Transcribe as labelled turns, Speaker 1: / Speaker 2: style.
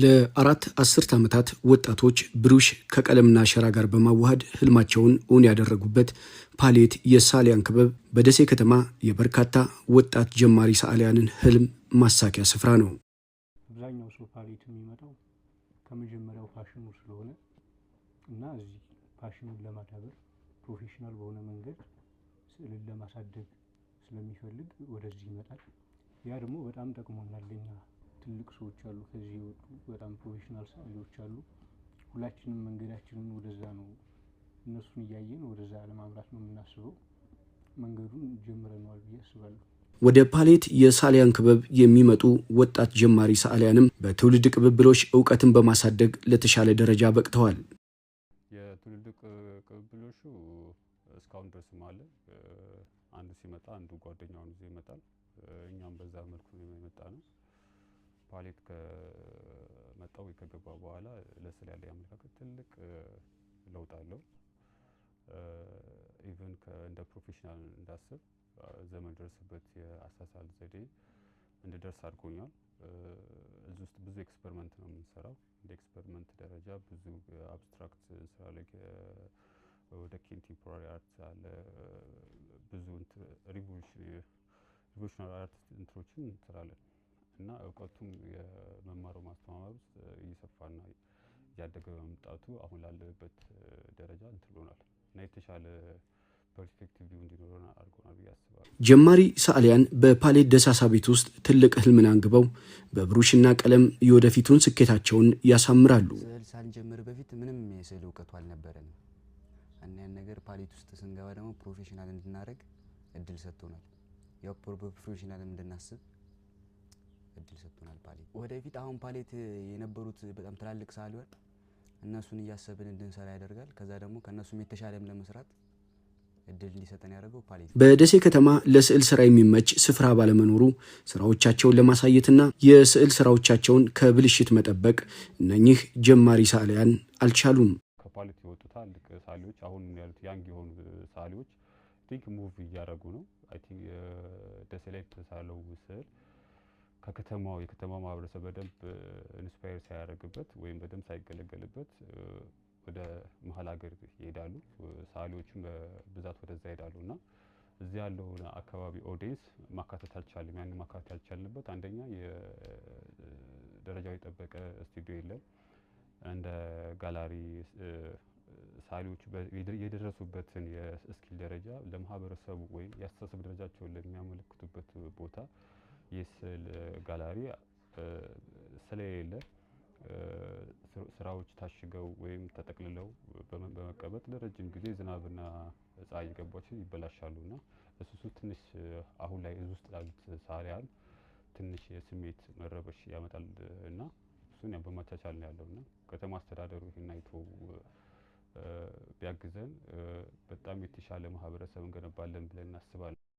Speaker 1: ለአራት አስርት ዓመታት ወጣቶች ብሩሽ ከቀለምና ሸራ ጋር በማዋሃድ ህልማቸውን እውን ያደረጉበት ፓሌት የሳሊያን ክበብ በደሴ ከተማ የበርካታ ወጣት ጀማሪ ሰዓሊያንን ህልም ማሳኪያ ስፍራ ነው።
Speaker 2: አብዛኛው ሰው ፓሌት የሚመጣው ከመጀመሪያው ፋሽኑ ስለሆነ እና እዚህ ፋሽኑን ለማዳበር ፕሮፌሽናል በሆነ መንገድ ስዕልን ለማሳደግ ስለሚፈልግ ወደዚህ ይመጣል። ያ ደግሞ በጣም ጠቅሞናል ለኛ ትልቅ ሰዎች አሉ፣ ከዚህ የወጡ በጣም ፕሮፌሽናል ሰዓሊዎች አሉ። ሁላችንም መንገዳችንን ወደዛ ነው፣ እነሱን እያየን ወደዛ ለማምራት ነው የምናስበው። መንገዱን ጀምረነዋል ብዬ አስባለሁ።
Speaker 1: ወደ ፓሌት የሳሊያን ክበብ የሚመጡ ወጣት ጀማሪ ሰዓሊያንም በትውልድ ቅብብሎች እውቀትን በማሳደግ ለተሻለ ደረጃ በቅተዋል።
Speaker 3: የትውልድ ቅብብሎቹ እስካሁን ድረስም አለ። አንዱ ሲመጣ አንዱ ጓደኛውን ይዞ ይመጣል። እኛም በዛ መልኩ የመጣ ነው። ፓሌት ከመጣው ከገባ በኋላ ለስዕል ያለ አመለካከት ትልቅ ለውጥ አለው። ኢቨን እንደ ፕሮፌሽናል እንዳስብ ዘመን ደረስበት የአሳሳል ዘዴ እንድደርስ አድርጎኛል። እዚህ ውስጥ ብዙ ኤክስፐሪመንት ነው የምንሰራው። እንደ ኤክስፐሪመንት ደረጃ ብዙ አብስትራክት ስራ ላይ ወደ ኮንቴምፖራሪ አርት አለ ብዙ ሪቮሉሽናሪ አርት እንትሮችን እንስራለን። እና እውቀቱም የመማሩ ማስተማማር ውስጥ እየሰፋና እያደገ በመምጣቱ አሁን ላለበት ደረጃ እንትሎናል እና የተሻለ ፐርስፔክቲቭ እንዲኖረን አድርጎናል ብዬ አስባለሁ።
Speaker 1: ጀማሪ ሰዓሊያን በፓሌት ደሳሳ ቤት ውስጥ ትልቅ ህልምን አንግበው በብሩሽና ቀለም የወደፊቱን ስኬታቸውን ያሳምራሉ።
Speaker 2: ስዕል ሳንጀምር በፊት ምንም የስዕል እውቀቱ አልነበረንም እና ያን ነገር ፓሌት ውስጥ ስንገባ ደግሞ ፕሮፌሽናል እንድናደርግ እድል ሰጥቶናል። ያው ፕሮፌሽናል እንድናስብ እድል ሰጥቶናል። ፓሌት ወደፊት አሁን ፓሌት የነበሩት በጣም ትላልቅ ሰዓሊያን እነሱን እያሰብን እንድንሰራ ያደርጋል። ከዛ ደግሞ ከእነሱም የተሻለም ለመስራት እድል እንዲሰጠን ያደርገው ፓሌት።
Speaker 1: በደሴ ከተማ ለስዕል ስራ የሚመች ስፍራ ባለመኖሩ ስራዎቻቸውን ለማሳየትና የስዕል ስራዎቻቸውን ከብልሽት መጠበቅ እነኚህ ጀማሪ ሳሊያን አልቻሉም።
Speaker 3: ከፓሌት የወጡ ትላልቅ ሳሊዎች አሁን ያሉት ያንግ የሆኑ ሳሊዎች ቲንክ ሙቭ እያደረጉ ነው። ደሴ ላይ ተሳለው ስዕል ከከተማው የከተማው ማህበረሰብ በደንብ ኢንስፓየር ሳያደርግበት ወይም በደንብ ሳይገለገልበት ወደ መሀል ሀገር ይሄዳሉ። ሰዓሊዎቹም በብዛት ወደዛ ይሄዳሉ እና እዚህ ያለውን አካባቢ ኦዲየንስ ማካተት አልቻልም። ያን ማካተት ያልቻልንበት አንደኛ ደረጃው የጠበቀ ስቱዲዮ የለም። እንደ ጋላሪ ሳሊዎቹ የደረሱበትን የስኪል ደረጃ ለማህበረሰቡ ወይም የአስተሳሰብ ደረጃቸውን ለሚያመለክቱበት ቦታ የስዕል ጋላሪ ስለሌለ ስራዎች ታሽገው ወይም ተጠቅልለው በመቀመጥ ለረጅም ጊዜ ዝናብና ፀሐይ የገባቸው ይበላሻሉ እና እሱሱ ትንሽ አሁን ላይ እዚህ ውስጥ ላሉት ሰዓሊያን ትንሽ የስሜት መረበሽ ያመጣል እና እሱን በማቻቻል ነው ያለው እና ከተማ አስተዳደሩ ይህን አይቶ ቢያግዘን በጣም የተሻለ ማህበረሰብ እንገነባለን ብለን እናስባለን።